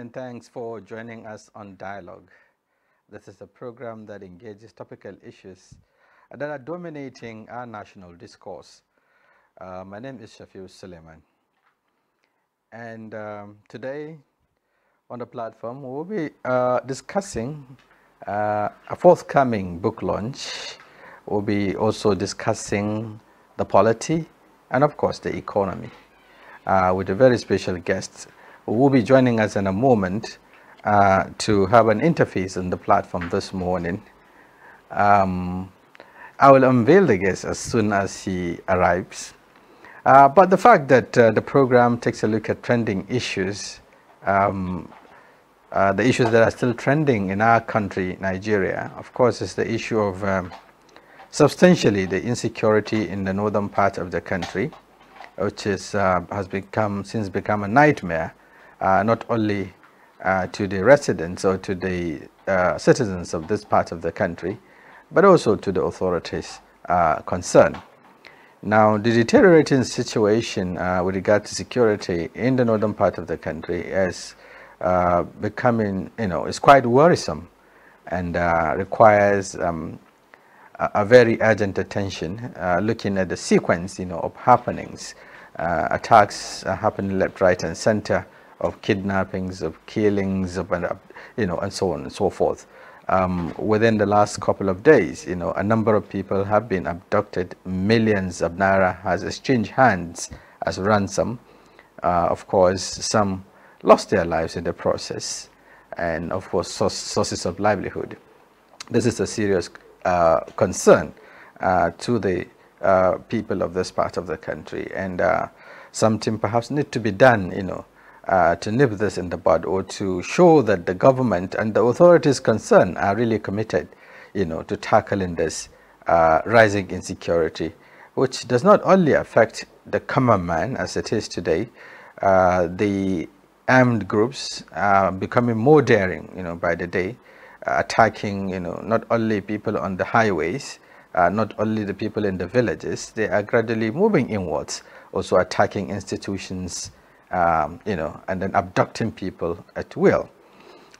and thanks for joining us on Dialogue. This is a program that engages topical issues that are dominating our national discourse. Uh, my name is Shafiu Suleiman. And um, today on the platform, we'll be uh, discussing uh, a forthcoming book launch. We'll be also discussing the polity and, of course, the economy uh, with a very special guest will be joining us in a moment uh, to have an interface on the platform this morning. Um, I will unveil the guest as soon as he arrives. Uh, but the fact that uh, the program takes a look at trending issues, um, uh, the issues that are still trending in our country, Nigeria, of course, is the issue of um, substantially the insecurity in the northern part of the country, which is, uh, has become since become a nightmare uh, not only uh, to the residents or to the uh, citizens of this part of the country, but also to the authorities concerned. Now, the deteriorating situation with regard to security in the northern part of the country is becoming, you know, is quite worrisome and requires um, a very urgent attention uh, looking at the sequence you know of happenings uh, attacks happening left right and center of kidnappings, of killings, of, uh, you know, and so on and so forth. Um, within the last couple of days, you know, a number of people have been abducted. Millions of naira has exchanged hands as ransom. Uh, of course, some lost their lives in the process, and of course, sources of livelihood. This is a serious uh, concern uh, to the uh, people of this part of the country, and uh, something perhaps need to be done, you know, uh, to nip this in the bud or to show that the government and the authorities concerned are really committed, you know, to tackling this uh, rising insecurity, which does not only affect the common man as it is today, uh, the armed groups are becoming more daring, you know, by the day, uh, attacking, you know, not only people on the highways, uh, not only the people in the villages, they are gradually moving inwards, also attacking institutions, um, you know, and then abducting people at will.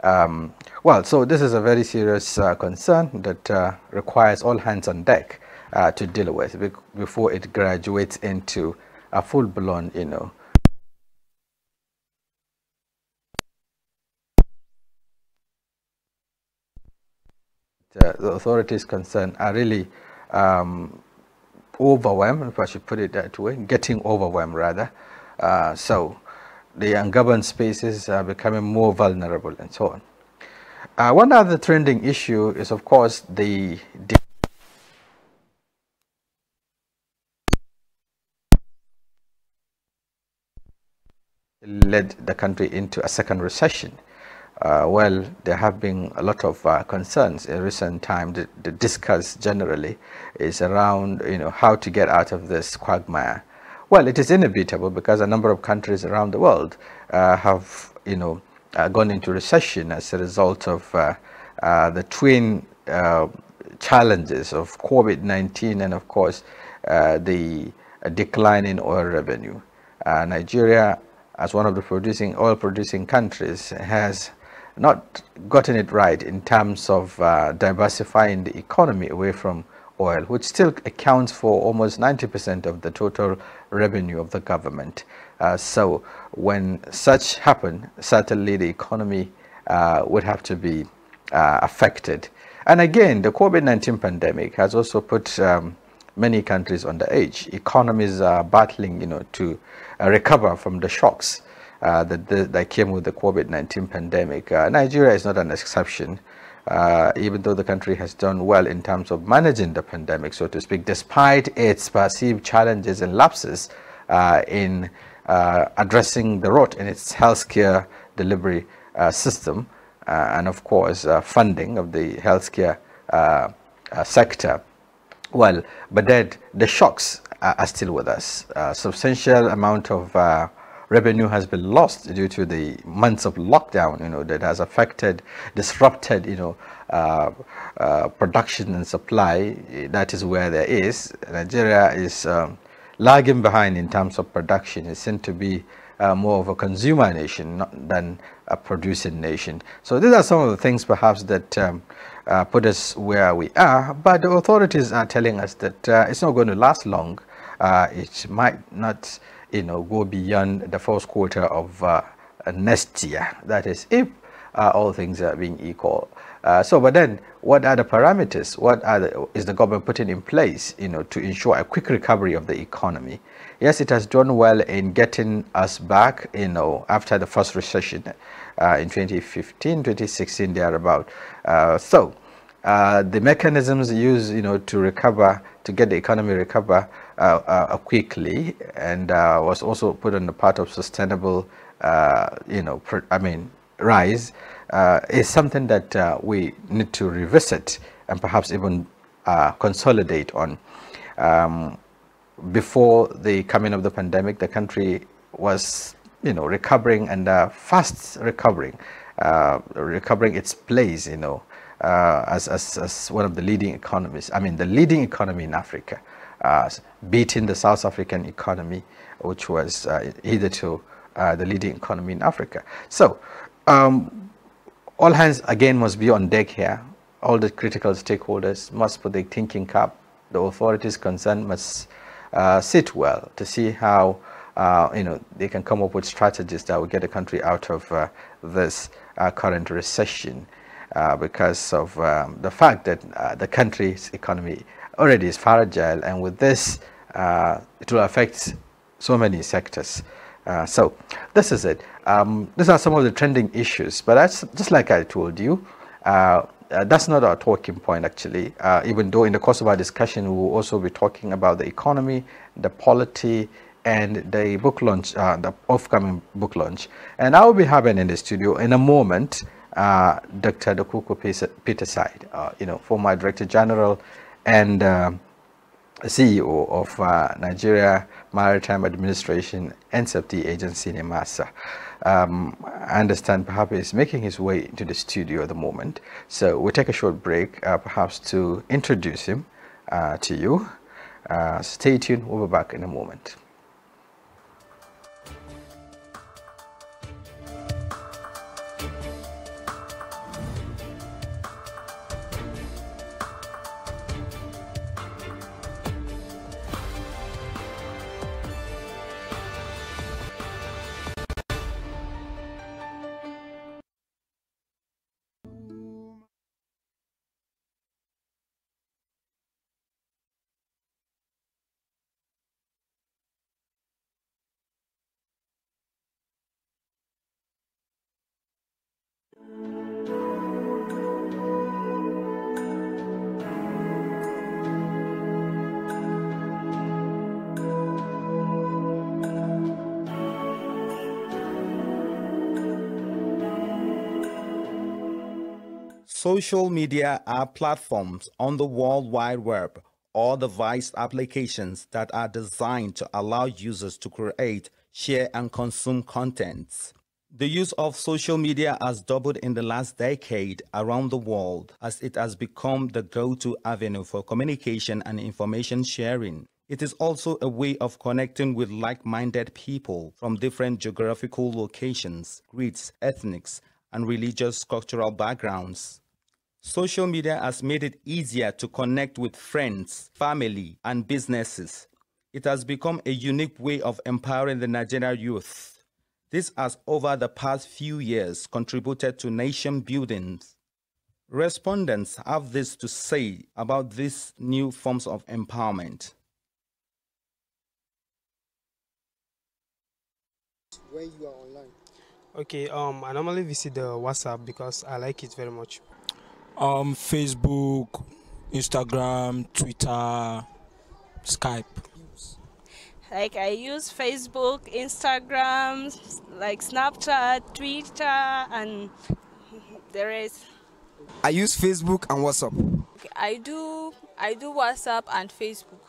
Um, well, so this is a very serious uh, concern that uh, requires all hands on deck uh, to deal with before it graduates into a full-blown, you know, the authorities concerned are really um, overwhelmed, if I should put it that way, getting overwhelmed rather, uh, so the ungoverned spaces are becoming more vulnerable and so on. Uh, one other trending issue is, of course, the led the country into a second recession. Uh, well, there have been a lot of uh, concerns in recent time. The, the, discuss generally is around you know how to get out of this quagmire well, it is inevitable because a number of countries around the world uh, have, you know, uh, gone into recession as a result of uh, uh, the twin uh, challenges of COVID-19 and, of course, the decline in oil revenue. Nigeria, as one of the producing oil-producing countries, has not gotten it right in terms of uh, diversifying the economy away from oil, which still accounts for almost 90% of the total revenue of the government. Uh, so when such happen, certainly the economy uh, would have to be uh, affected. And again, the COVID-19 pandemic has also put um, many countries on the edge. Economies are battling, you know, to uh, recover from the shocks uh, that, that, came with the COVID-19 pandemic. Nigeria is not an exception uh, even though the country has done well in terms of managing the pandemic, so to speak, despite its perceived challenges and lapses uh, in uh, addressing the rot in its healthcare delivery uh, system uh, and, of course, uh, funding of the healthcare sector. Well, but that the shocks are still with us. A substantial amount of revenue has been lost due to the months of lockdown, you know, that has affected, disrupted, you know, uh, uh, production and supply. That is where there is. Nigeria is um, lagging behind in terms of production. It's seen to be uh, more of a consumer nation than a producing nation. So these are some of the things perhaps that um, uh, put us where we are, but the authorities are telling us that uh, it's not going to last long. Uh, it might not you know, go beyond the first quarter of uh, next year. That is, if uh, all things are being equal. Uh, so, but then, what are the parameters? What are the, is the government putting in place, you know, to ensure a quick recovery of the economy? Yes, it has done well in getting us back, you know, after the first recession uh, in 2015, 2016, about. Uh, so, uh, the mechanisms used, you know, to recover, to get the economy recover, uh, uh, quickly and uh, was also put on the path of sustainable, you know, I mean, rise is something that we need to revisit and perhaps even consolidate on. Um, before the coming of the pandemic, the country was, you know, recovering and uh, fast recovering, uh, recovering its place, you know, uh, as, as, as, one of the leading economies, I mean the leading economy in Africa, uh, beating the South African economy, which was uh, hitherto uh, the leading economy in Africa. So um, all hands again must be on deck here. All the critical stakeholders must put their thinking cap. The authorities concerned must uh, sit well to see how uh, you know they can come up with strategies that will get the country out of this current recession. Uh, because of um, the fact that uh, the country's economy already is fragile and with this uh, it will affect so many sectors. Uh, so this is it. Um, these are some of the trending issues but that's just like I told you uh, that's not our talking point actually even though in the course of our discussion we will also be talking about the economy, the polity, and the book launch, the upcoming book launch and I will be having in the studio in a moment uh, Dr. Dokuko Peterside, uh, you know, former Director General and uh, CEO of uh, Nigeria Maritime Administration and Safety Agency, NEMASA. Um, I understand perhaps is making his way into the studio at the moment. So we'll take a short break, uh, perhaps to introduce him to you. stay tuned, we'll be back in a moment. Social media are platforms on the World Wide Web or device applications that are designed to allow users to create, share, and consume contents. The use of social media has doubled in the last decade around the world as it has become the go-to avenue for communication and information sharing. It is also a way of connecting with like-minded people from different geographical locations, creeds, ethnics, and religious cultural backgrounds. Social media has made it easier to connect with friends, family, and businesses. It has become a unique way of empowering the Nigerian youth. This has, over the past few years, contributed to nation building. Respondents have this to say about these new forms of empowerment. When you are online. Okay, um, I normally visit the WhatsApp because I like it very much. Um, Facebook, Instagram, Twitter, Skype. Like I use Facebook, Instagram, like Snapchat, Twitter, and the rest. I use Facebook and WhatsApp. Okay, I do I do WhatsApp and Facebook.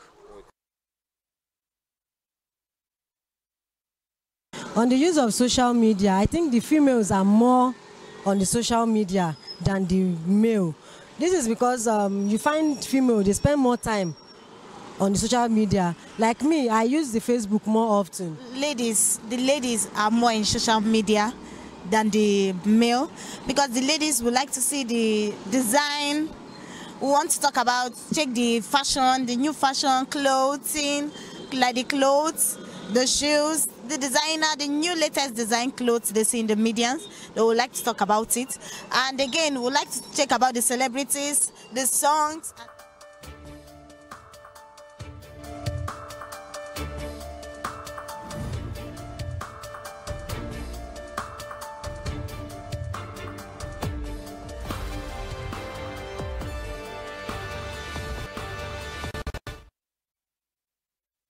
On the use of social media, I think the females are more on the social media than the male. This is because um, you find female, they spend more time on the social media. Like me, I use the Facebook more often. Ladies, the ladies are more in social media than the male because the ladies would like to see the design. We want to talk about, check the fashion, the new fashion, clothing, like the clothes, the shoes, the designer, the new latest design clothes they see in the medians. They would like to talk about it. And again, we would like to check about the celebrities, the songs.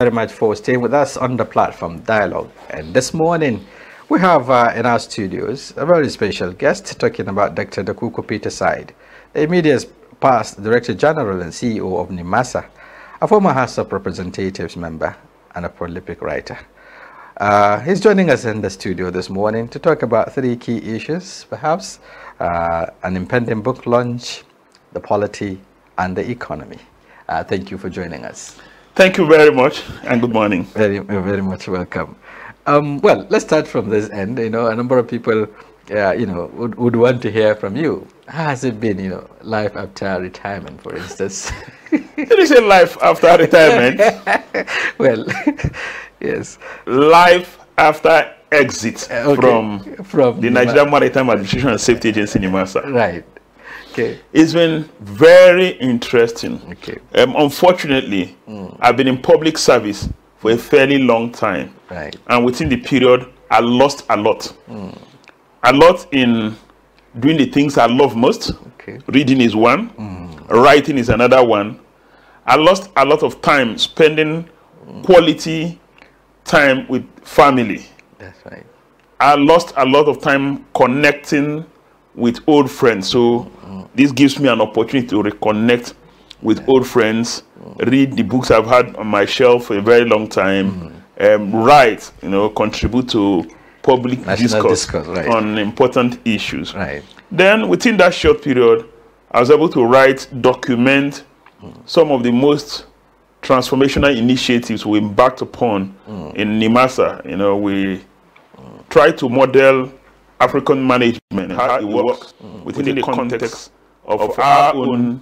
very much for staying with us on the platform dialogue and this morning we have uh, in our studios a very special guest talking about dr dakuko peter side the media's past director general and ceo of nimasa a former house of representatives member and a prolific writer uh, he's joining us in the studio this morning to talk about three key issues perhaps uh, an impending book launch the polity and the economy uh, thank you for joining us Thank you very much and good morning. Very, very much welcome. Um, well, let's start from this end. You know, a number of people, uh, you know, would, would want to hear from you. How has it been, you know, life after retirement, for instance? you say life after retirement. well, yes. Life after exit uh, okay. from, from the Nigerian Maritime Administration and Safety Agency, NIMASA. Right. Okay. It's been very interesting. Okay. Um, unfortunately, mm. I've been in public service for a fairly long time. Right. And within the period, I lost a lot. Mm. A lot in doing the things I love most. Okay. Reading is one. Mm. Writing is another one. I lost a lot of time spending quality time with family. That's right. I lost a lot of time connecting with old friends. So this gives me an opportunity to reconnect with yeah. old friends, read the books I've had on my shelf for a very long time, mm. um, write, you know, contribute to public National discourse, discourse right. on important issues. Right. Then within that short period, I was able to write, document mm. some of the most transformational initiatives we embarked upon mm. in Nimasa. You know, we tried to model African management, how it works within the context of our own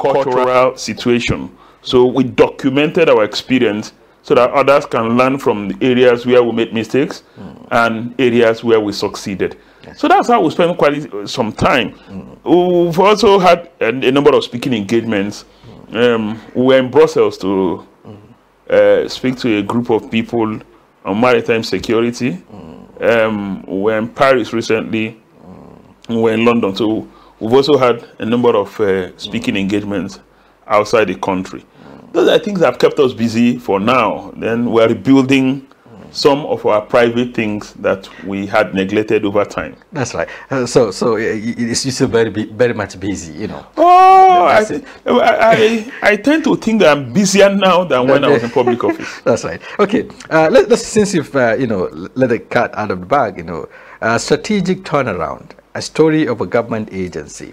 cultural situation. So we documented our experience so that others can learn from the areas where we made mistakes mm. and areas where we succeeded. So that's how we spent quite uh, some time. Mm. We've also had a, a number of speaking engagements. Mm. Um, we were in Brussels to hmm. uh, speak to a group of people on maritime security. Hmm um, we're in Paris recently, mm. we're in London. So we've also had a number of uh, speaking engagements outside the country. Mm. Those are things that have kept us busy for now. Then we're rebuilding some of our private things that we had neglected over time. That's right. Uh, so, so uh, it's still very, very much busy, you know. Oh, I, I, I, tend to think that I'm busier now than when I was in public office. That's right. Okay. Uh, let, us since you've uh, you know let the cat out of the bag, you know, uh, strategic turnaround, a story of a government agency.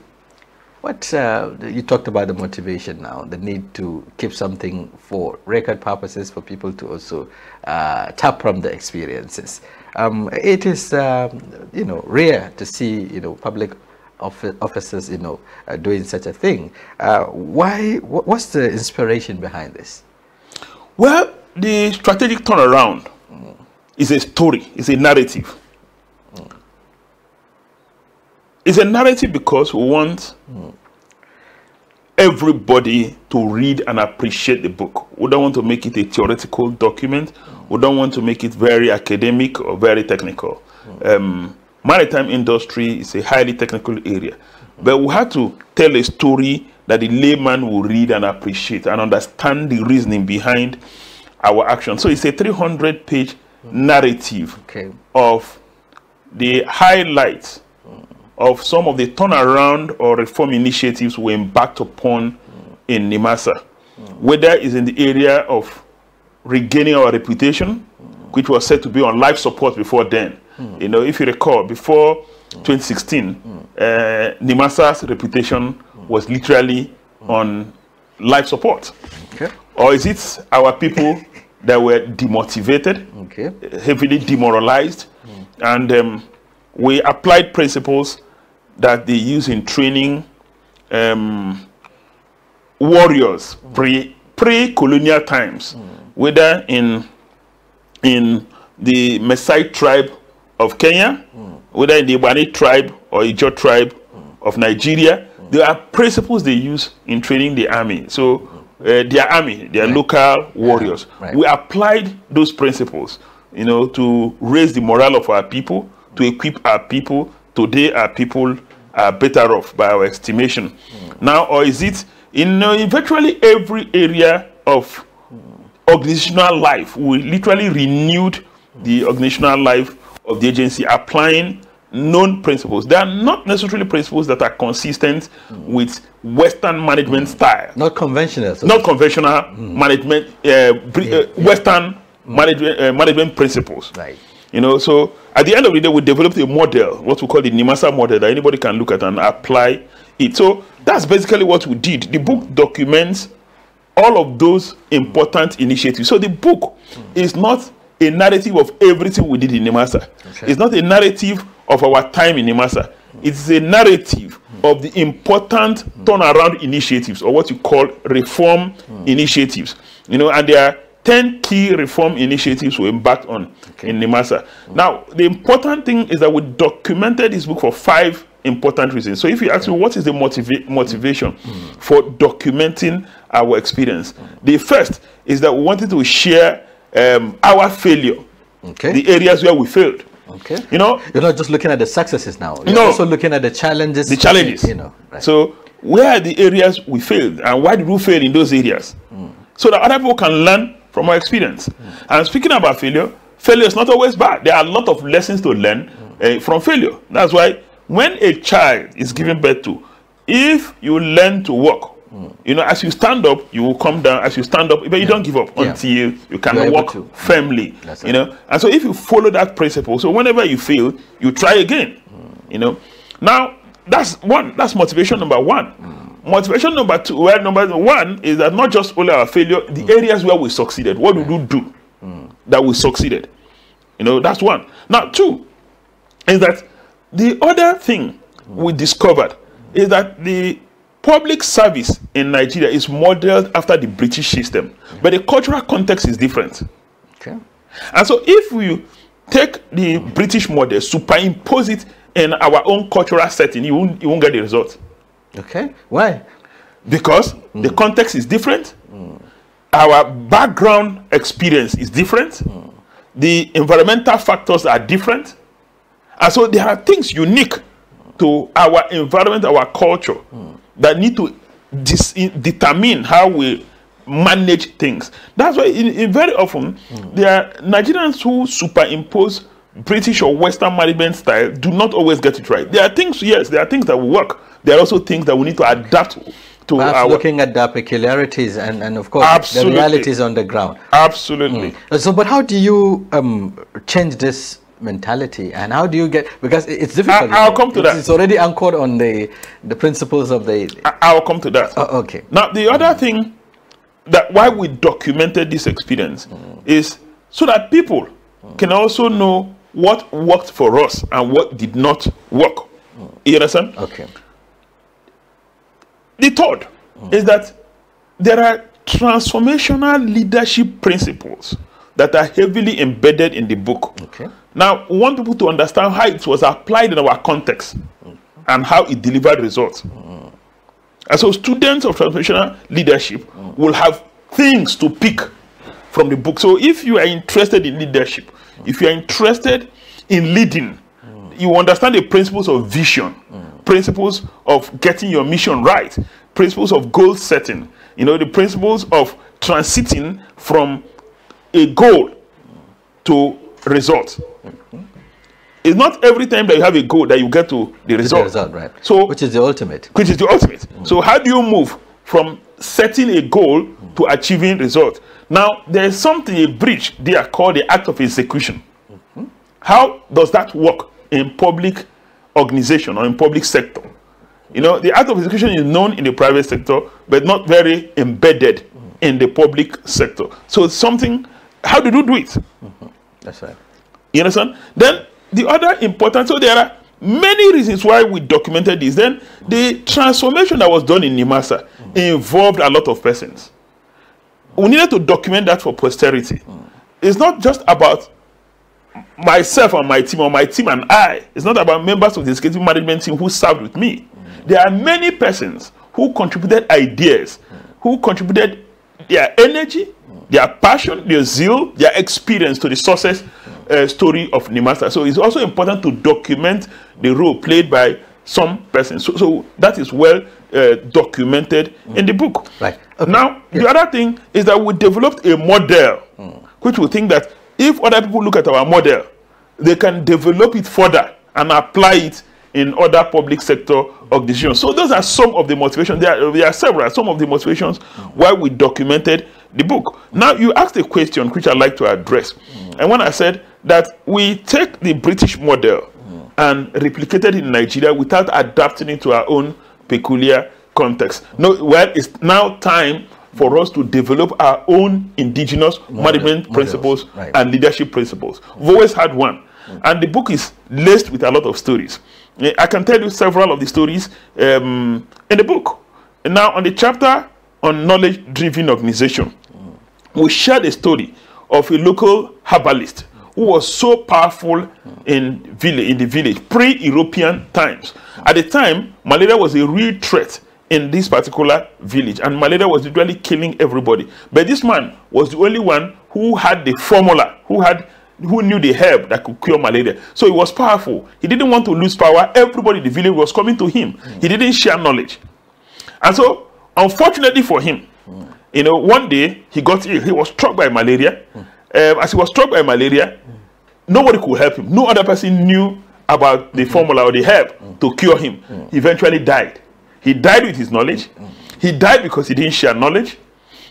What uh, you talked about the motivation now, the need to keep something for record purposes for people to also uh, tap from the experiences. Um, it is um, you know rare to see you know public officers you know uh, doing such a thing. Uh, why? what's the inspiration behind this? Well, the strategic turnaround mm. is a story, It's a narrative. It's a narrative because we want everybody to read and appreciate the book. We don't want to make it a theoretical document. We don't want to make it very academic or very technical. Um, maritime industry is a highly technical area. But we have to tell a story that the layman will read and appreciate and understand the reasoning behind our action. So it's a 300 page narrative okay. of the highlights of some of the turnaround or reform initiatives we embarked upon in Nimasa, whether it's in the area of regaining our reputation, which was said to be on life support before then. You know, if you recall, before 2016, uh, Nimasa's reputation was literally on life support. Okay. Or is it our people that were demotivated, okay. heavily demoralized, mm. and um, we applied principles that they use in training um, warriors pre pre-colonial times, mm. whether in in the Maasai tribe of Kenya, mm. whether in the Ibani tribe or Ijo tribe mm. of Nigeria. There are principles they use in training the army. So uh, their army, their right. local warriors. Right. We applied those principles, you know, to raise the morale of our people, to equip our people, today our people are better off by our estimation mm. now or is it in, uh, in virtually every area of organizational life we literally renewed the organizational life of the agency applying known principles. They are not necessarily principles that are consistent mm. with Western management mm. style. Not conventional. So not conventional mm. management, uh, uh yeah, Western yeah. Mm. Management, uh, management principles. Right. You know, so at the end of the day, we developed a model, what we call the Nimasa model, that anybody can look at and apply it. So that's basically what we did. The book documents all of those important initiatives. So the book is not a narrative of everything we did in Nimasa. Okay. It's not a narrative of our time in Nimasa. It's a narrative of the important turnaround initiatives or what you call reform hmm. initiatives. You know, and they are 10 key reform initiatives we embarked on okay. in Nimasa. Okay. Now, the important thing is that we documented this book for five important reasons. So if you ask me what is the motiva motivation mm. for documenting our experience, hmm. the first is that we wanted to share um, our failure, okay. the areas where we failed. Okay. You know, you're not just looking at the successes now. You're no, also looking at the challenges. The challenges. You know. Right. So where are the areas we failed, and why did we fail in those areas? Mm. So that other people can learn from our experience. Mm. And speaking about failure, failure is not always bad. There are a lot of lessons to learn uh, from failure. That's why when a child is given birth to, if you learn to walk, you know, as you stand up, you will come down. As you stand up, but you yeah. don't give up yeah. until you, you can walk to. firmly. That's you know, and so if you follow that principle, so whenever you fail, you try again. Mm. You know, now that's one. That's motivation number one. Motivation number two, well, number one is that not just only our failure, the mm. areas where we succeeded. What did we do mm. that we succeeded? You know, that's one. Now, two is that the other thing we hmm. discovered is that the public service in Nigeria is modeled after the British system, hmm. but the cultural context is different. Okay. And so if we take the hmm. British model, superimpose it in our own cultural setting, you won't, you won't get the result. Okay. Why? Because mm. the hmm. context is different. Mm. Our background experience is different. Mm. The environmental factors are different. And so there are things unique to our environment, our culture, hmm. that need to determine how we manage things. That's why in, in very often hmm. there are Nigerians who superimpose British or Western management style do not always get it right. There are things, yes, there are things that work there are also things that we need to adapt to We our looking at the peculiarities and, and of course absolutely. the realities on the ground. Absolutely. Mm. So, but how do you um, change this mentality and how do you get because it's difficult I, will come to it's, that it's already anchored on the the principles of the I, will come to that oh, okay now the other mm. thing that why we documented this experience mm. is so that people mm. can also know what worked for us and what did not work hmm. you understand okay the third mm. is that there are transformational leadership principles that are heavily embedded in the book. Okay. Now, we want people to understand how it was applied in our context mm. and how it delivered results. Mm. And so, students of transformational leadership mm. will have things to pick from the book. So, if you are interested in leadership, if you are interested in leading, you understand the principles of vision principles of getting your mission right, principles of goal setting, you know, the principles of transiting from a goal to result. It's not every time that you have a goal that you get to the result. The result right. So, which is the ultimate. Which is the ultimate. Mm. So how do you move from setting a goal mm. to achieving result? Now, there is something, a bridge there called the act of execution. Mm -hmm. How does that work in public organization or in public sector. You know, the art of execution is known in the private sector, but not very embedded in the public sector. So it's something, how did you do it? Mm -hmm. That's right. You understand? Then the other important, so there are many reasons why we documented this. Then the transformation that was done in Nimasa mm -hmm. involved a lot of persons. We needed to document that for posterity. Mm -hmm. It's not just about myself and my team, or my team and I. It's not about members of the executive management team who served with me. Mm. There are many persons who contributed ideas, who contributed their energy, their passion, their zeal, their experience to the success uh, story of NIMASA. So it's also important to document the role played by some persons. So, so that is well uh, documented mm. in the book. Right. Okay. Now, the other thing is that we developed a model mm. which we think that if other people look at our model, they can develop it further and apply it in other public sector organizations. So those are some of the motivations. There are, there are several, some of the motivations why we documented the book. Now you asked a question which I'd like to address. And when I said that we take the British model and replicated in Nigeria without adapting it to our own peculiar context. No, well, it's now time for us to develop our own indigenous Model, management models, principles right. and leadership principles. We've always had one. And the book is laced with a lot of stories. I can tell you several of the stories um, in the book. And now, on the chapter on knowledge driven organization, we shared a story of a local herbalist who was so powerful in, village, in the village pre European times. At the time, malaria was a real threat in this particular village, and malaria was literally killing everybody. But this man was the only one who had the formula, who had who knew the herb that could cure malaria. So he was powerful. He didn't want to lose power. Everybody in the village was coming to him. Mm. He didn't share knowledge. And so, unfortunately for him, mm. you know, one day he got ill. He was struck by malaria. Mm. as he was struck by malaria, nobody could help him. No other person knew about the formula or the herb to cure him. He eventually died. He died with his knowledge. He died because he didn't share knowledge.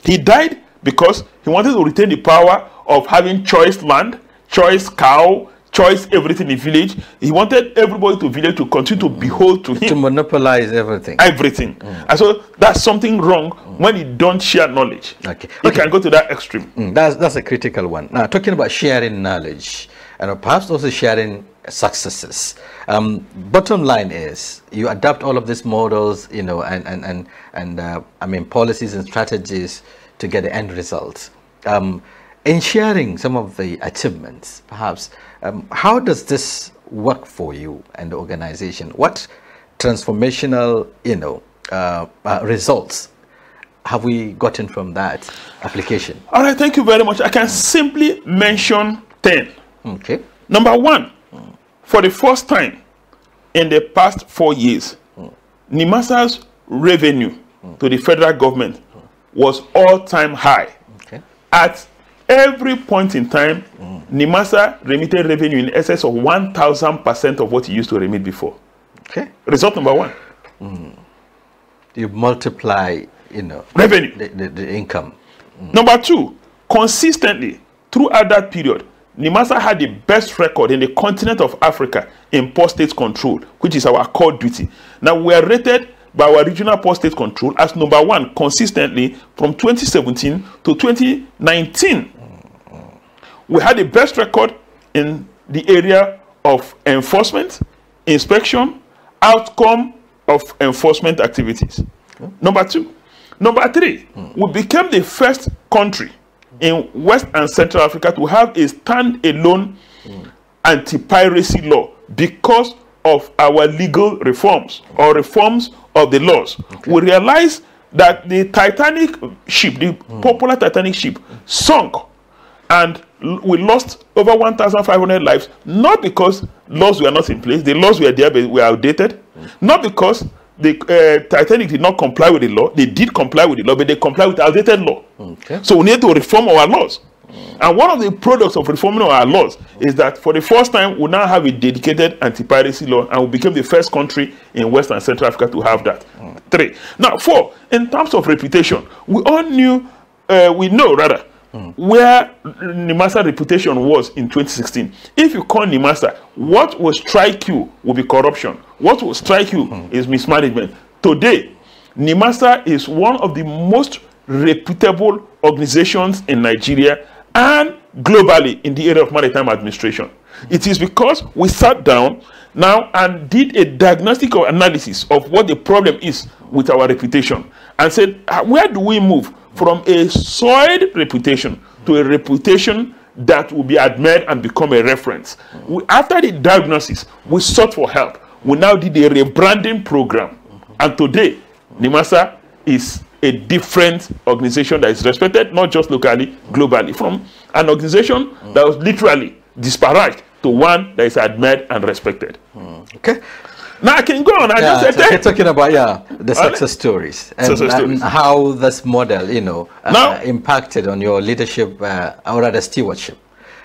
He died because he wanted to retain the power of having choice land, choice cow, choice everything in village. He wanted everybody to village to continue to behold to him. To monopolize everything. Everything. Mm. And so that's something wrong mm. when you don't share knowledge. Okay. You okay. can go to that extreme. Mm. That's, that's a critical one. Now, talking about sharing knowledge, and perhaps also sharing successes. Um, bottom line is you adapt all of these models, you know, and and and and uh, I mean policies and strategies to get the end results. Um, in sharing some of the achievements, perhaps, um, how does this work for you and the organization? What transformational, you know, uh, uh, results have we gotten from that application? All right, thank you very much. I can simply mention ten. Okay. Number one, for the first time in the past four years, NIMASA's revenue to the federal government was all-time high. Okay. At every point in time, NIMASA remitted revenue in excess of 1,000% of what it used to remit before. Okay. Result number one. Mm. You multiply, you know, revenue, the, the, the income. Mm. Number two, consistently throughout that period, Nimasa had the best record in the continent of Africa in post state control, which is our core duty. Now, we are rated by our regional post state control as number one consistently from 2017 to 2019. We had the best record in the area of enforcement, inspection, outcome of enforcement activities. Number two. Number three, mm. we became the first country in West and Central Africa to have a stand-alone mm. anti-piracy law because of our legal reforms or reforms of the laws. Okay. We realize that the Titanic ship, the mm. popular Titanic ship, sunk and we lost over 1,500 lives, not because laws were not in place, the laws were there but were outdated, mm. not because the uh, eh, Titanic did not comply with the law. They did comply with the law, but they comply with outdated law. Okay. So we need to reform our laws. And one of the products of reforming our laws is that for the first time, we now have a dedicated anti-piracy law and we became the first country in West and Central Africa to have that. Mm. Three. Now, four, in terms of reputation, we all knew, uh, we know rather, mm. where Nimasa reputation was in 2016. If you call Nimasa, what will strike you will be corruption. What will strike you mm. is mismanagement. Today, Nimasa is one of the most reputable organizations in Nigeria and globally in the area of maritime administration. It is because we sat down now and did a diagnostic analysis of what the problem is with our reputation and said, ah, where do we move? from a soiled reputation to a reputation that will be admired and become a reference. We, after the diagnosis, we sought for help. We now did a rebranding program. And today, NIMASA is a different organization that is respected, not just locally, globally, from an organization that was literally disparaged to one that is admired and respected. Hmm. Okay. Now I can go on. I yeah, just said that. talking about yeah the success stories and, success stories. how this model you know uh, impacted on your leadership uh, or rather stewardship.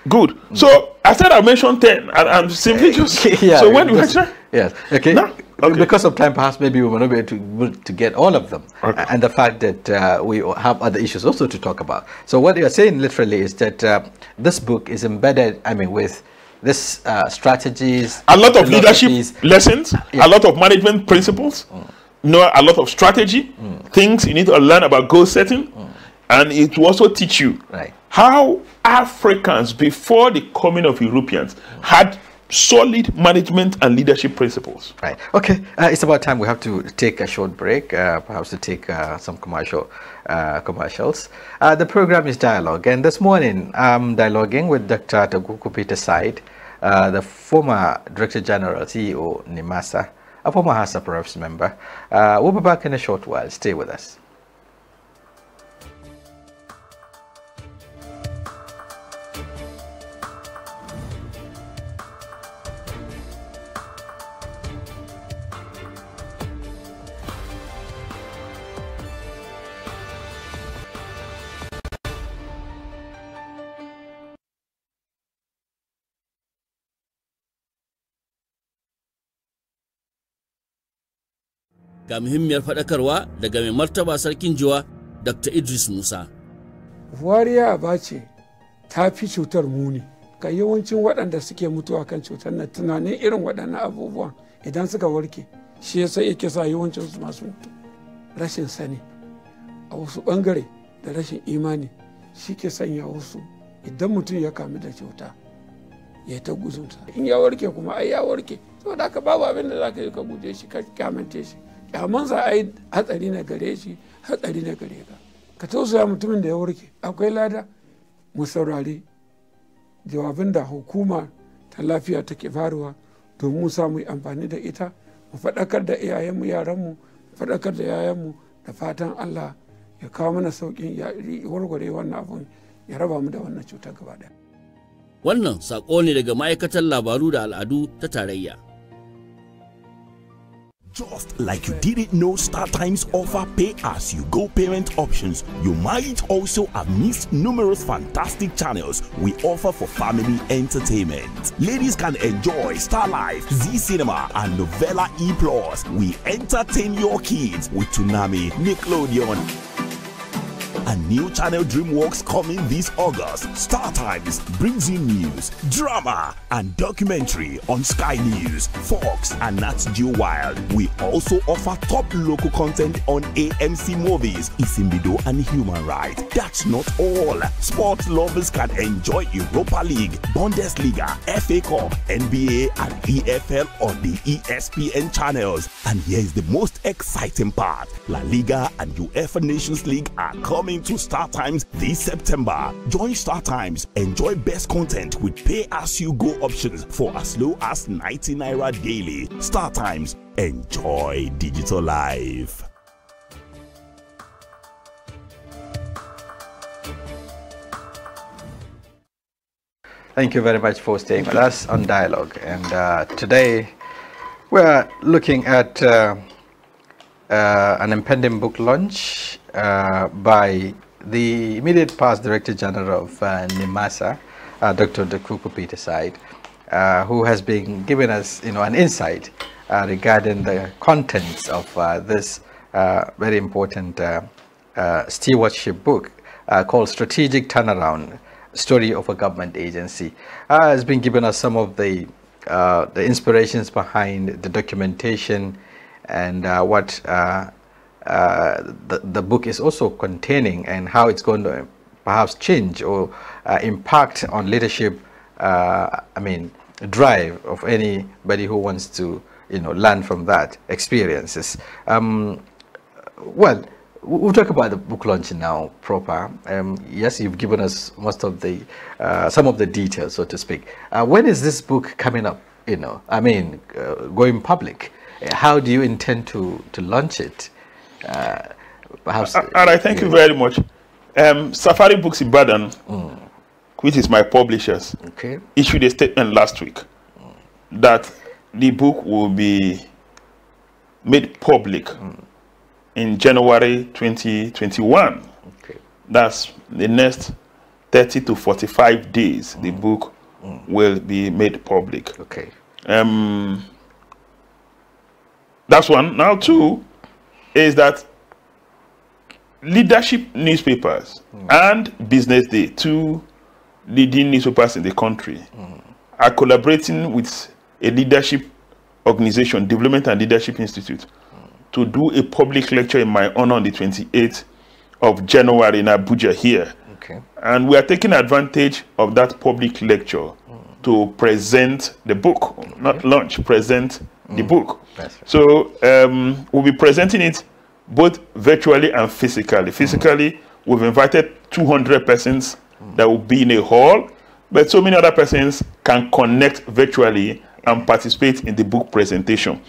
Good. Mm. So I said I mentioned ten. I, am simply just yeah. So when we, you mention yes okay. Now, Okay. Because of time, perhaps maybe we will not be able to, to get all of them, okay. and the fact that uh, we have other issues also to talk about. So what you are saying literally is that uh, this book is embedded, I mean, with this uh, strategies. A lot of leadership lessons, yeah. a lot of management principles, mm. you know, a lot of strategy, mm. things you need to learn about goal setting. Mm. And it will also teach you right. how Africans, before the coming of Europeans, had solid management and leadership principles. Right. Okay. Uh, it's about time we have to take a short break, uh, perhaps to take uh, some commercial uh, commercials. Uh, the program is Dialogue, and this morning I'm dialoguing with Dr. Taguku Peter Said, uh, the former Director General, CEO, NIMASA, a former House of Reps member. we'll be back in a short while. Stay with us. ga muhimmiyar faɗakarwa daga mai martaba sarkin jiwa dr idris musa wariya ba ce ta fi cutar muni ga yawancin waɗanda suke mutuwa kan cutar na tunanin irin waɗannan abubuwan idan suka warke shi ya sai yake sa yawancin su masu mutu rashin sani a wasu ɓangare da rashin imani shi ke sanya wasu idan mutum ya kamu da cuta ya ta guzunta in ya warke kuma ai ya warke saboda haka babu abin da za ka yi ka guje shi ka kyamante shi amma za a yi hatsari na gare shi hatsari na gare ka ka tausaya mutumin da ya warke akwai lada mu saurari jawabin da hukuma ta lafiya take faruwa domin mu samu amfani da ita mu faɗakar da iyayenmu yaranmu faɗakar da yayanmu da fatan allah ya kawo mana sauƙin ya warware wannan abun ya raba mu da wannan cutar gaba ɗaya wannan saƙo ne daga ma'aikatar labaru da al'adu ta tarayya Just like you didn't know StarTimes offer pay-as-you-go parent options, you might also have missed numerous fantastic channels we offer for family entertainment. Ladies can enjoy Star Life, Z Cinema, and Novella E+. Plus. We entertain your kids with Tsunami, Nickelodeon. A new channel DreamWorks coming this August. StarTimes brings you news, drama, and documentary on Sky News, Fox, and Nat Geo Wild. We also offer top local content on AMC Movies, Isimbido, and Human Rights. That's not all. Sports lovers can enjoy Europa League, Bundesliga, FA Cup, NBA, and EFL on the ESPN channels. And here's the most exciting part La Liga and UEFA Nations League are coming to Star Times this September. Join Star Times. Enjoy best content with pay as you go options for as low as 90 naira daily. Star Times. Enjoy digital life. Thank you very much for staying with us on Dialogue. And uh, today we're looking at uh, uh, an impending book launch uh, by the immediate past Director General of uh, NIMASA, uh, Dr. Dekuku Peter Side, uh, who has been giving us you know, an insight uh, regarding the contents of uh, this very important stewardship book called Strategic Turnaround, Story of a Government Agency. has been giving us some of the, the inspirations behind the documentation and what uh, the, the book is also containing and how it's going to perhaps change or uh, impact on leadership, uh, I mean, drive of anybody who wants to, you know, learn from that experiences. Um, well, we'll talk about the book launch now proper. Um, yes, you've given us most of the, uh, some of the details, so to speak. Uh, when is this book coming up? You know, I mean, uh, going public. How do you intend to to launch it? uh, perhaps. And I thank you, you very much. Um, Safari Books in Baden, mm. which is my publishers, okay. issued a statement last week mm. that the book will be made public mm. in January 2021. Okay. That's the next 30 to 45 days, the mm. book mm. will be made public. Okay. Um, that's one. Now, two is that leadership newspapers mm. and Business Day, two leading newspapers in the country, mm. are collaborating with a leadership organization, Development and Leadership Institute, mm. to do a public lecture in my honor on the 28th of January in Abuja here. Okay. And we are taking advantage of that public lecture hmm. to present the book, okay. not launch, present the mm. book. Right. So um, we'll be presenting it both virtually and physically. Physically, mm. we've invited 200 persons mm. that will be in a hall, but so many other persons can connect virtually and participate in the book presentation.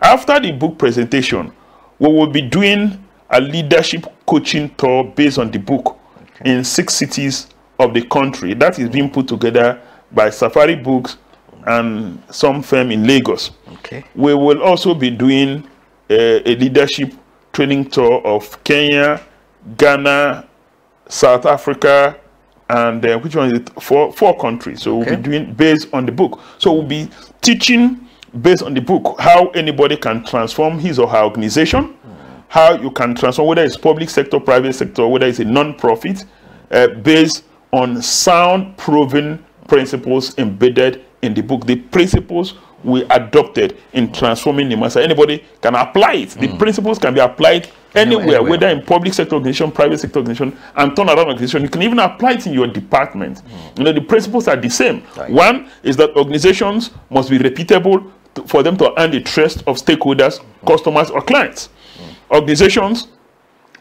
After the book presentation, we will be doing a leadership coaching tour based on the book okay. in six cities of the country. That is being put together by Safari Books and some firm in Lagos. Okay. We will also be doing a, uh, a leadership training tour of Kenya, Ghana, South Africa, and uh, which one is it? Four, four countries. So okay. we'll be doing based on the book. So we'll be teaching based on the book how anybody can transform his or her organization, how you can transform, whether it's public sector, private sector, whether it's a non-profit, uh, based on sound, proven principles embedded in the book, the principles we adopted in transforming the master Anybody can apply it. The mm. principles can be applied anywhere, anywhere, whether in public sector organization, private sector organization, and turnaround organization. You can even apply it in your department. Mm. You know, the principles are the same. Right. One is that organizations must be repeatable to, for them to earn the trust of stakeholders, mm. customers, or clients. Hmm. Organizations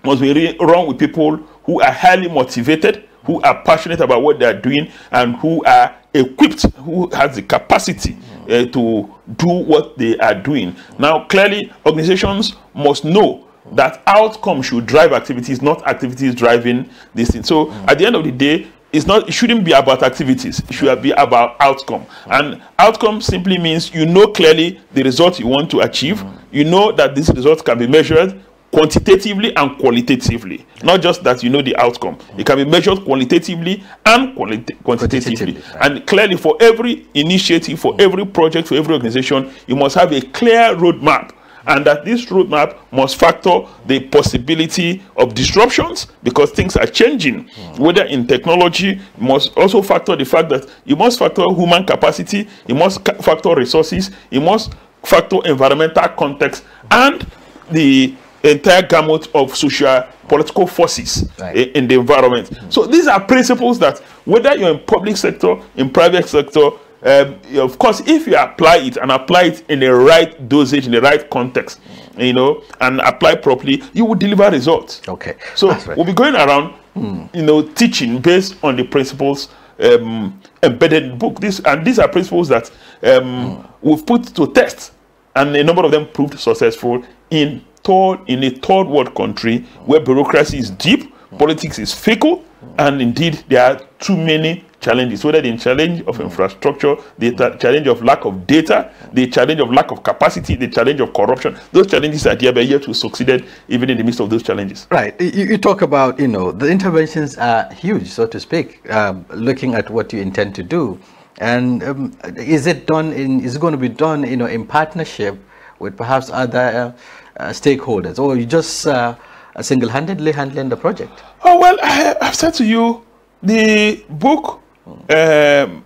must be run with people who are highly motivated, who are passionate about what they are doing, and who are equipped, who has the capacity uh, to do what they are doing. Now, clearly, organizations must know that outcome should drive activities, not activities driving this thing. So, hmm. at the end of the day, it's not it shouldn't be about activities it should be about outcome and outcome simply means you know clearly the result you want to achieve hmm. you know that this result can be measured quantitatively and qualitatively. Not just that you know the outcome. It can be measured qualitatively and quantitatively. quantitatively right. And clearly, for every initiative, for every project, for every organization, you must have a clear roadmap. And that this roadmap must factor the possibility of disruptions because things are changing. Whether in technology, you must also factor the fact that you must factor human capacity, you must factor resources, you must factor environmental context and the entire gamut of social political forces right. in, the environment. Mm -hmm. So these are principles that whether you're in public sector, in private sector, um, of course, if you apply it and apply it in the right dosage, in the right context, you know, and apply properly, you will deliver results. Okay. So right. we'll be going around, mm. you know, teaching based on the principles um, embedded in the book. This and these are principles that um, mm. we've put to test, and a number of them proved successful in third in a third world country where bureaucracy is deep, politics is fickle, and indeed there are too many challenges, whether the challenge of infrastructure, the challenge of lack of data, the challenge of lack of capacity, the challenge of corruption. Those challenges are there, but yet we succeeded even in the midst of those challenges. Right. You, you talk about, you know, the interventions are huge, so to speak, um, looking at what you intend to do. And um, is it done in, is it going to be done, you know, in partnership with perhaps other uh, uh, stakeholders, or you just uh, single-handedly handling the project? Oh, well, I, have said to you, the book um,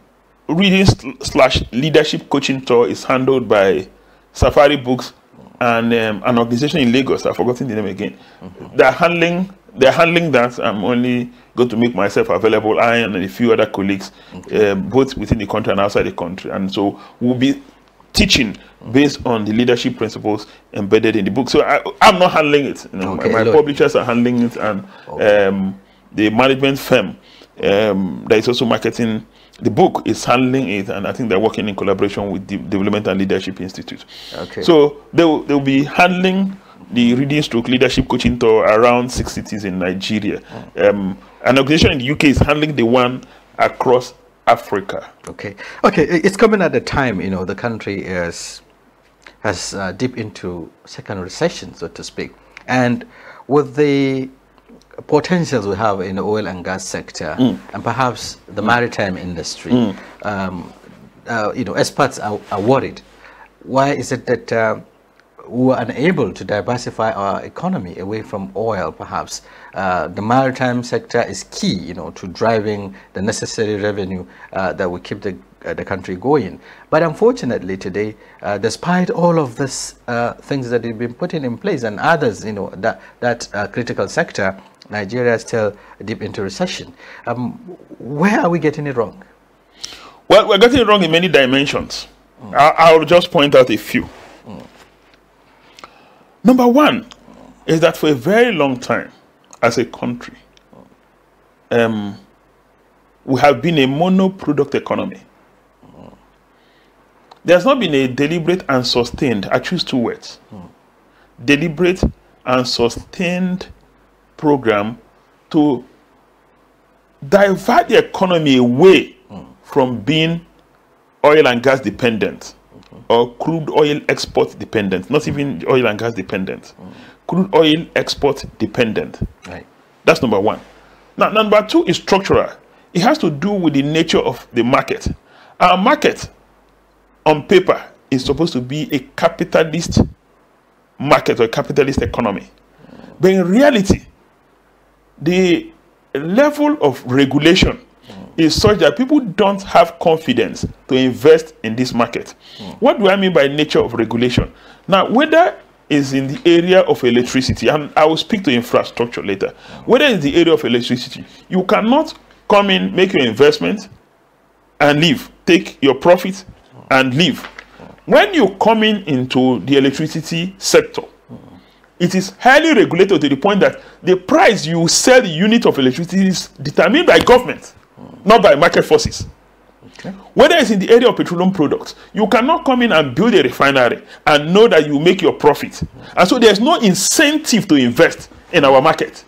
reading slash leadership coaching tour is handled by Safari Books and um, an organization in Lagos, I've forgotten the name again. Mm -hmm. They're handling they're handling that. I'm only going to make myself available, I and a few other colleagues, okay. uh, both within the country and outside the country. And so we'll be teaching based on the leadership principles embedded in the book. So I, am not handling it. You know, okay, my, my publishers are handling it, and okay. um, the management firm um, that is also marketing the book is handling it, and I think they're working in collaboration with the Development and Leadership Institute. Okay. So they will, they will be handling the Reading Stroke Leadership Coaching Tour around six cities in Nigeria. Mm. Um, an organization in the UK is handling the one across Africa. Okay, okay, it's coming at a time you know the country is has uh, deep into second recession, so to speak, and with the potentials we have in the oil and gas sector mm. and perhaps the mm. maritime industry, mm. um, uh, you know, experts are, are, worried. Why is it that uh, we were unable to diversify our economy away from oil, perhaps. Uh, the maritime sector is key, you know, to driving the necessary revenue uh, that will keep the, uh, the country going. But unfortunately today, uh, despite all of these uh, things that have been putting in place and others, you know, that, that critical sector, Nigeria is still deep into recession. Um, where are we getting it wrong? Well, we're getting it wrong in many dimensions. Mm. I, I'll just point out a few. Number one is that for a very long time, as a country, um, we have been a mono-product economy. There has not been a deliberate and sustained, I choose two words, deliberate and sustained program to divert the economy away from being oil and gas dependent or crude oil export dependent, not even oil and gas dependent. Crude oil export dependent. Right. That's number one. Now, number two is structural. It has to do with the nature of the market. Our market, on paper, is supposed to be a capitalist market or a capitalist economy. But in reality, the level of regulation is such that people don't have confidence to invest in this market. Mm. What do I mean by nature of regulation? Now, whether is in the area of electricity, and I will speak to infrastructure later. Whether it's the area of electricity, you cannot come in, make your investment, and leave, take your profit, and leave. When you come in into the electricity sector, it is highly regulated to the point that the price you sell the unit of electricity is determined by government not by market forces. Okay. Whether it's in the area of petroleum products, you cannot come in and build a refinery and know that you make your profit. And so there's no incentive to invest in our market.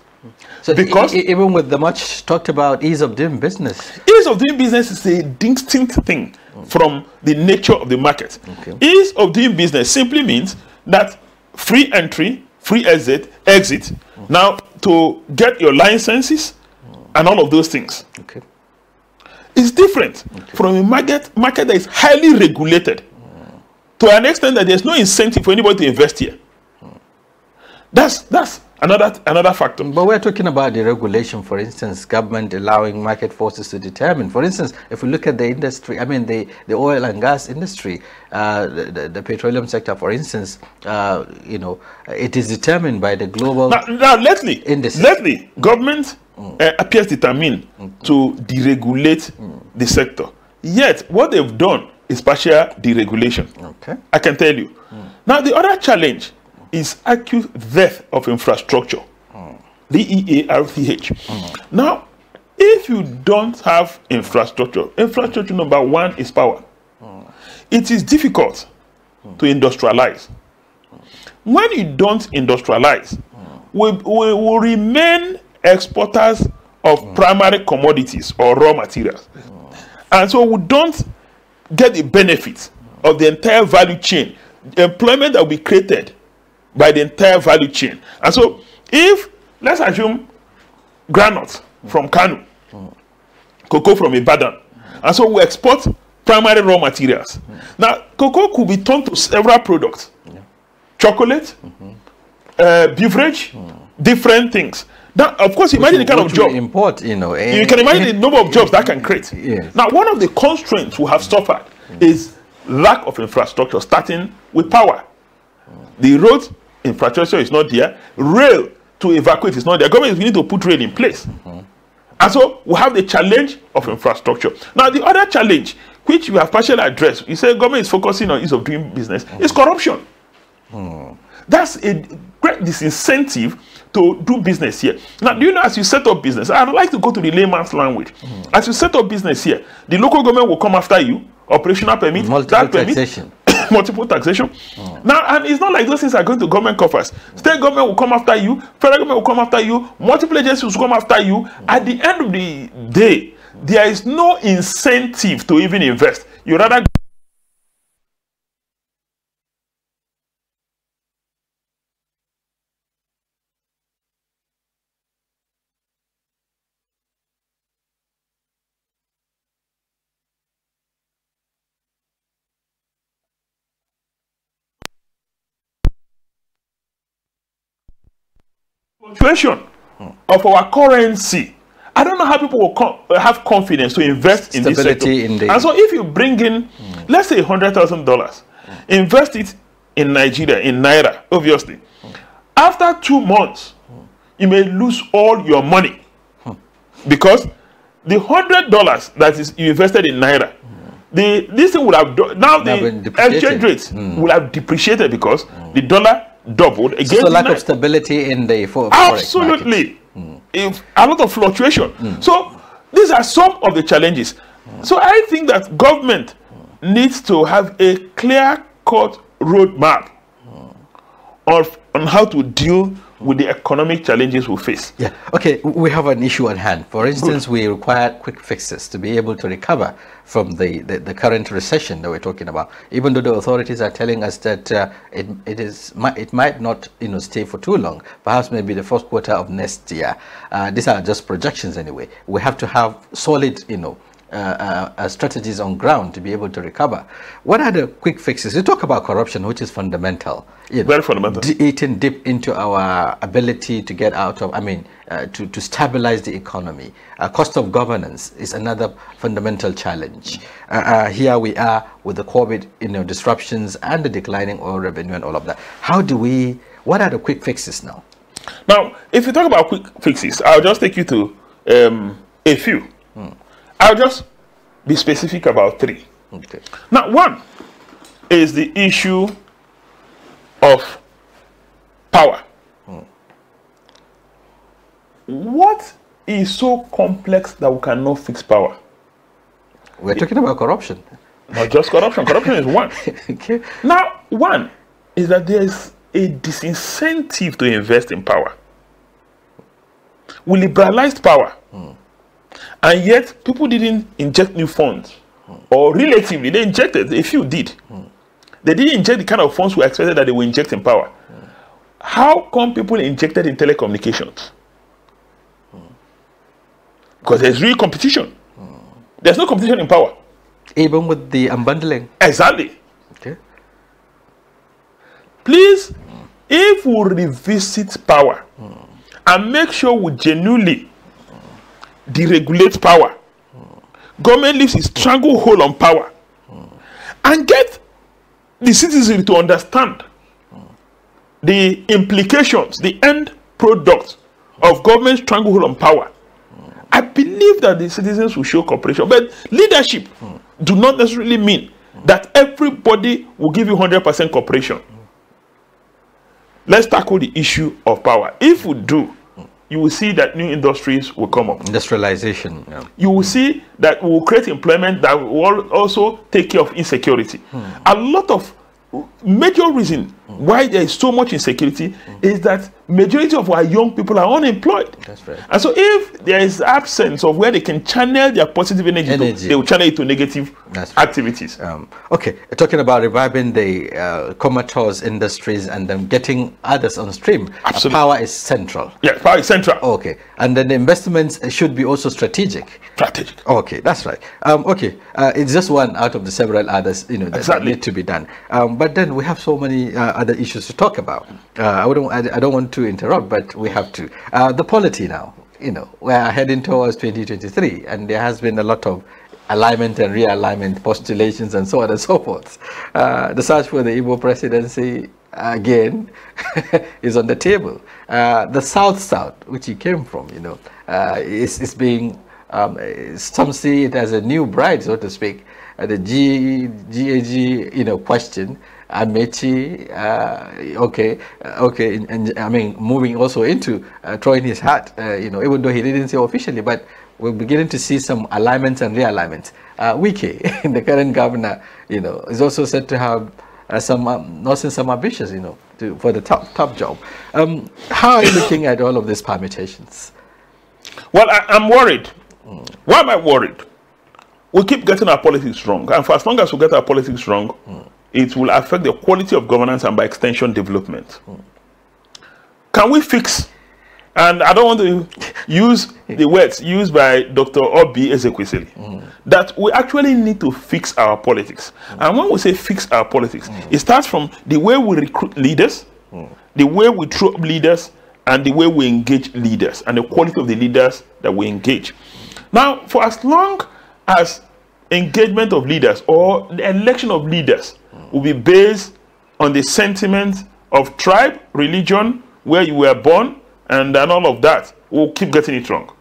So because e- even with the much talked about ease of doing business, ease of doing business is a distinct thing from the nature of the market. Okay. Ease of doing business simply means that free entry, free exit, exit. Now to get your licenses and all of those things. Okay is different okay. from a market, market that is highly regulated mm. to an extent that there's no incentive for anybody to invest here. Mm. That's, that's Another, another factor. But we're talking about the regulation, for instance, government allowing market forces to determine. For instance, if we look at the industry, I mean, the, the oil and gas industry, uh, the, the, the, petroleum sector, for instance, uh, you know, it is determined by the global now, now, lately, industry. Lately, mm. government mm. uh, appears determined mm -hmm. to deregulate mm. the sector. Yet, what they've done is partial deregulation. Okay. I can tell you. Mm. Now, the other challenge is acute death of infrastructure. Mm. D-E-A-R-T-H. Now, if you don't have infrastructure, infrastructure number one is power. It is difficult to industrialize. When you don't industrialize, we, we will remain exporters of primary commodities or raw materials. And so we don't get the benefits of the entire value chain. employment that we created by the entire value chain. And so, if let's assume granite from Kanu, cocoa from Ibadan, and so we export primary raw materials. Now, cocoa could be turned to several products chocolate, uh, beverage, different things. Now, of course, imagine the kind of job import, you know, you can imagine the number of jobs that can create. Yes. Now, one of the constraints we have suffered is lack of infrastructure, starting with power. The roads infrastructure is not there. Rail to evacuate is not there. Government, we need to put rail in place. Mm -hmm. And so we have the challenge of infrastructure. Now, the other challenge, which we have partially addressed, you say government is focusing on ease of doing business, mm -hmm. is corruption. Mm. That's a great disincentive to do business here. Now, do you know as you set up business, I'd like to go to the layman's language. Mm. As you set up business here, the local government will come after you, operational permit, Multiple that permit, multiple taxation. Oh. Now, and it's not like those things are going to government coffers. State government will come after you, federal government will come after you, multiple agencies will come after you. At the end of the day, there is no incentive to even invest. You rather fluctuation of our currency. I don't know how people will com uh, have confidence to invest Stability in this sector. And so if you bring in, let's say $100,000, invest it in Nigeria, in Naira, obviously. After two months, you may lose all your money because the $100 that is you invested in Naira, the, this thing would have, now the exchange rate hmm. would have depreciated because the dollar doubled against so, lack of stability in the forex absolutely mm. if a lot of fluctuation mm. so these are some of the challenges mm. so i think that government hmm. needs to have a clear cut roadmap hmm. of on how to deal with the economic challenges we face. Yeah. Okay, we have an issue at hand. For instance, Good. we require quick fixes to be able to recover from the, the, the, current recession that we're talking about. Even though the authorities are telling us that uh, it, it, is, it might not you know, stay for too long, perhaps maybe the first quarter of next year. Uh, these are just projections anyway. We have to have solid, you know, uh, uh, uh, strategies on ground to be able to recover. What are the quick fixes? You talk about corruption, which is fundamental. You know, Very fundamental. eating deep into our ability to get out of, I mean, uh, to, to stabilize the economy. Uh, cost of governance is another fundamental challenge. Uh, here we are with the COVID you know, disruptions and the declining oil revenue and all of that. How do we, what are the quick fixes now? Now, if you talk about quick fixes, I'll just take you to um, a few. I'll just be specific about three. Okay. Now, one is the issue of power. Hmm. What is so complex that we cannot fix power? We're it, talking about corruption. Not just corruption. corruption is one. okay. Now, one is that there is a disincentive to invest in power. We liberalized power. Hmm. And yet, people didn't inject new funds, mm. or relatively, they injected, a few did. Mm. They didn't inject the kind of funds we expected that they would inject in power. Mm. How come people injected in telecommunications? Because there's real competition. There's no competition in power. Even with the unbundling. Exactly. Okay. Please, if we revisit power and make sure we genuinely deregulate power. Mm. Government leaves its stranglehold on power mm. and get the citizens to understand the implications, the end product of government stranglehold on power. I believe that the citizens will show cooperation, but leadership do not necessarily mean that everybody will give you 100% cooperation. Let's tackle the issue of power. If we do, you will see that new industries will come up. Industrialization. Yeah. You will mm. see that will create employment that will also take care of insecurity. Mm. A lot of major reason mm. why there is so much insecurity mm. is that majority of our young people are unemployed. That's right. And so if there is absence of where they can channel their positive energy, energy. To, they will channel it to negative right. activities. Um, okay, uh, talking about reviving the uh, comatose industries and then getting others on stream, uh, Absolutely. power is central. Yeah, power is central. Okay, and then the investments uh, should be also strategic. Strategic. Okay, that's right. Um, okay, uh, it's just one out of the several others you know that, exactly. need to be done. Um, but then we have so many uh, other issues to talk about. Uh, I, don't, I, I, don't want to interrupt, but we have to. Uh, the polity now, you know, we are heading towards 2023, and there has been a lot of alignment and realignment postulations and so on and so forth. Uh, the search for the Igbo presidency, again, is on the table. Uh, the South-South, which he came from, you know, uh, is, is being, um, some see it as a new bride, so to speak, the GAG, you know, question Admeti, uh, okay, uh, okay, and, and, I mean, moving also into uh, throwing his hat, uh, you know, even though he didn't say officially, but we're beginning to see some alignments and realignments. Uh, Wiki, the current governor, you know, is also said to have uh, some, um, not some ambitions, you know, to, for the top, top job. Um, how are you looking at all of these permutations? Well, I, am worried. Mm. Why am I worried? We keep getting our politics wrong. And for as long as we get our politics wrong, mm it will affect the quality of governance and by extension development. Mm. Can we fix, and I don't want to use the words used by Dr. Obi Ezekwesili, mm. that we actually need to fix our politics. Mm. And when we say fix our politics, it starts from the way we recruit leaders, the way we throw leaders, and the way we engage leaders, and the quality of the leaders that we engage. Now, for as long as engagement of leaders or the election of leaders will be based on the sentiment of tribe, religion, where you were born, and, and all of that. We'll keep getting it wrong.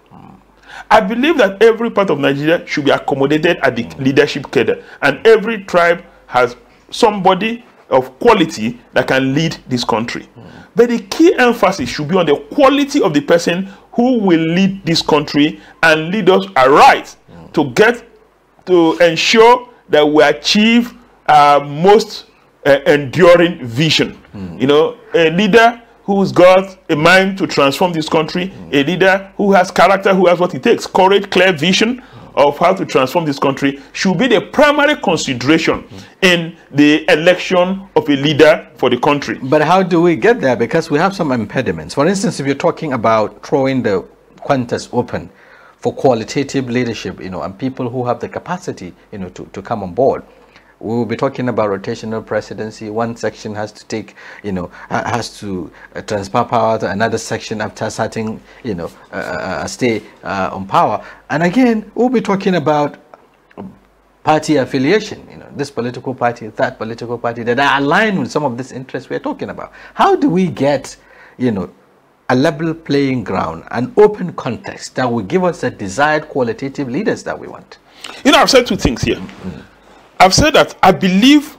I believe that every part of Nigeria should be accommodated at the leadership cadre, and every tribe has somebody of quality that can lead this country. But the key emphasis should be on the quality of the person who will lead this country and lead us aright to get to ensure that we achieve uh, most uh, enduring vision. Mm. You know, a leader who's got a mind to transform this country, mm. a leader who has character, who has what it takes, courage, clear vision of how to transform this country should be the primary consideration in the election of a leader for the country. But how do we get there? Because we have some impediments. For instance, if you're talking about throwing the Qantas open for qualitative leadership, you know, and people who have the capacity, you know, to, to come on board, we will be talking about rotational presidency. One section has to take, you know, has to uh, transfer power to another section after certain, you know, uh, uh, uh stay uh, on power. And again, we'll be talking about party affiliation, you know, this political party, that political party that are aligned with some of these interests we're talking about. How do we get, you know, a level playing ground, an open context that will give us the desired qualitative leaders that we want? You know, I've said two things here. Mm -hmm. I've said that I believe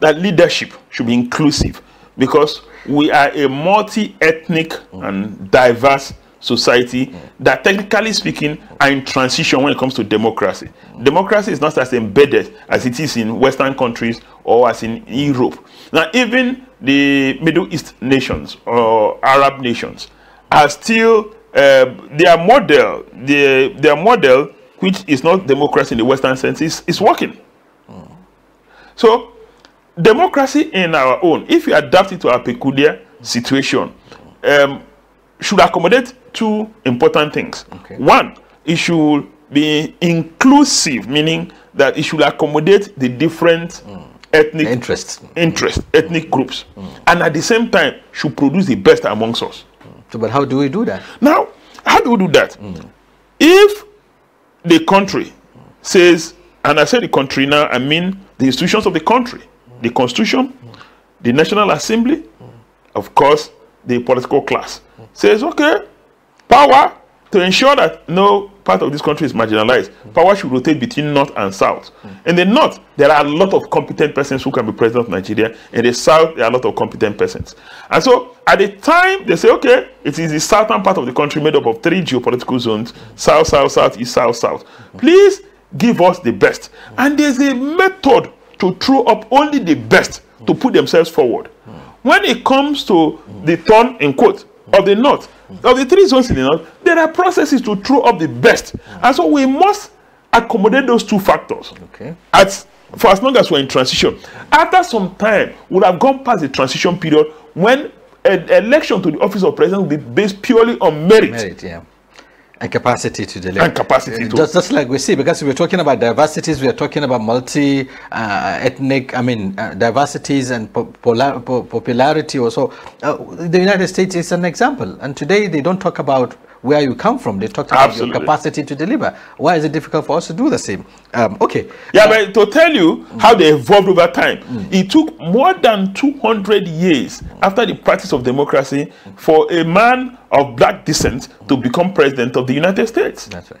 that leadership should be inclusive because we are a multi ethnic and diverse society that, technically speaking, are in transition when it comes to democracy. Democracy is not as embedded as it is in Western countries or as in Europe. Now, even the Middle East nations or Arab nations are still uh, their model, their, their model, which is not democracy in the Western sense, is, is working. So, democracy in our own, if you adapt it to our peculiar situation, um, should accommodate two important things. Okay. One, it should be inclusive, meaning that it should accommodate the different mm. ethnic interests, interest, mm. ethnic groups, mm. and at the same time should produce the best amongst us. Hmm. So, but how do we do that? Now, how do we do that? Hmm. If the country says, and I say the country now, I mean the institutions of the country, the constitution, the National Assembly, of course, the political class says, okay, power to ensure that no part of this country is marginalized. Power should rotate between North and South. In the North, there are a lot of competent persons who can be president of Nigeria. In the South, there are a lot of competent persons. And so at the time, they say, okay, it is the southern part of the country made up of three geopolitical zones, South, South, South, East, South, South. Please give us the best. Mm. And there's a method to throw up only the best mm. to put themselves forward. Mm. When it comes to the turn, in quote, of the north, of the three zones in the north, there are processes to throw up the best. And so we must accommodate those two factors. Okay. At, for as long as we're in transition. After some time, we'll have gone past the transition period when an election to the office of president will be based purely on merit. merit yeah and capacity to deliver and capacity uh, to just, just like we see because we're talking about diversities we are talking about multi uh, ethnic i mean uh, diversities and popularity also uh, the united states is an example and today they don't talk about where you come from. They talked about Absolutely. your capacity to deliver. Why is it difficult for us to do the same? Um, okay. Yeah, uh, but to tell you mm. how they evolved over time, mm. it took more than 200 years after the practice of democracy for a man of black descent to become president of the United States. That's right.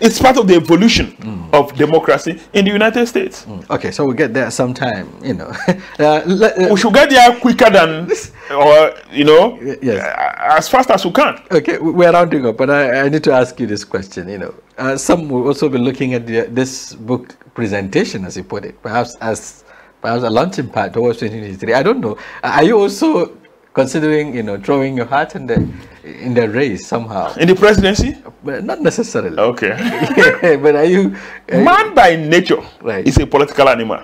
It's part of the evolution mm. of democracy in the United States. Mm. Okay, so we get there sometime, you know. uh, let, uh, we should get there quicker than, or you know, yes. Uh, as fast as we can. Okay, we're rounding up, but I, I need to ask you this question. You know, uh, some will also be looking at the, this book presentation, as you put it, perhaps as perhaps a launching pad towards 2023. I don't know. Uh, are you also considering you know throwing your hat in the in the race somehow in the presidency but not necessarily okay yeah, but are you are man you, by nature right is a political animal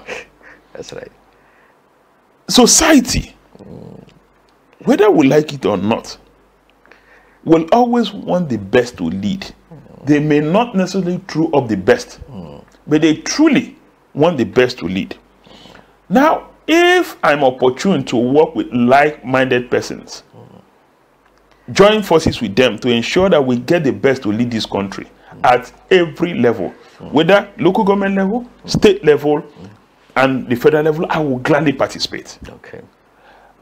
that's right society whether we like it or not will always want the best to lead they may not necessarily throw up the best but they truly want the best to lead now if I'm opportune to work with like minded persons, join forces with them to ensure that we get the best to lead this country at every level, whether local government level, state level, and the federal level, I will gladly participate. Okay.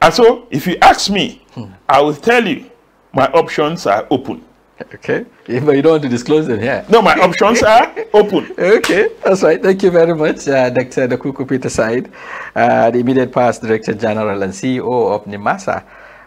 And so, if you ask me, I will tell you my options are open. Okay. If you don't want to disclose it here. No, my options are open. Okay. That's right. Thank you very much, uh, Dr. Kuku Peter Said, uh, the immediate past director general and CEO of NIMASA.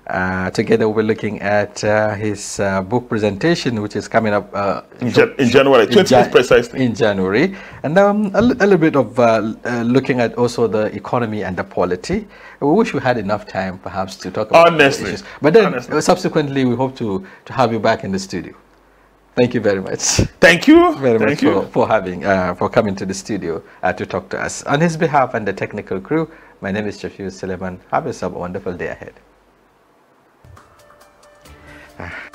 Uh, together we'll be looking at uh, his uh, book presentation which is coming up uh, in, in, January 20th Jan precisely in January and um, a, a little bit of uh, uh, looking at also the economy and the polity we wish we had enough time perhaps to talk about honestly issues. but then honestly. subsequently we hope to to have you back in the studio thank you very much thank you very thank much you. For, for having for coming to the studio to talk to us on his behalf and the technical crew my name is Shafiu Suleiman have yourself a wonderful day ahead อ่ะ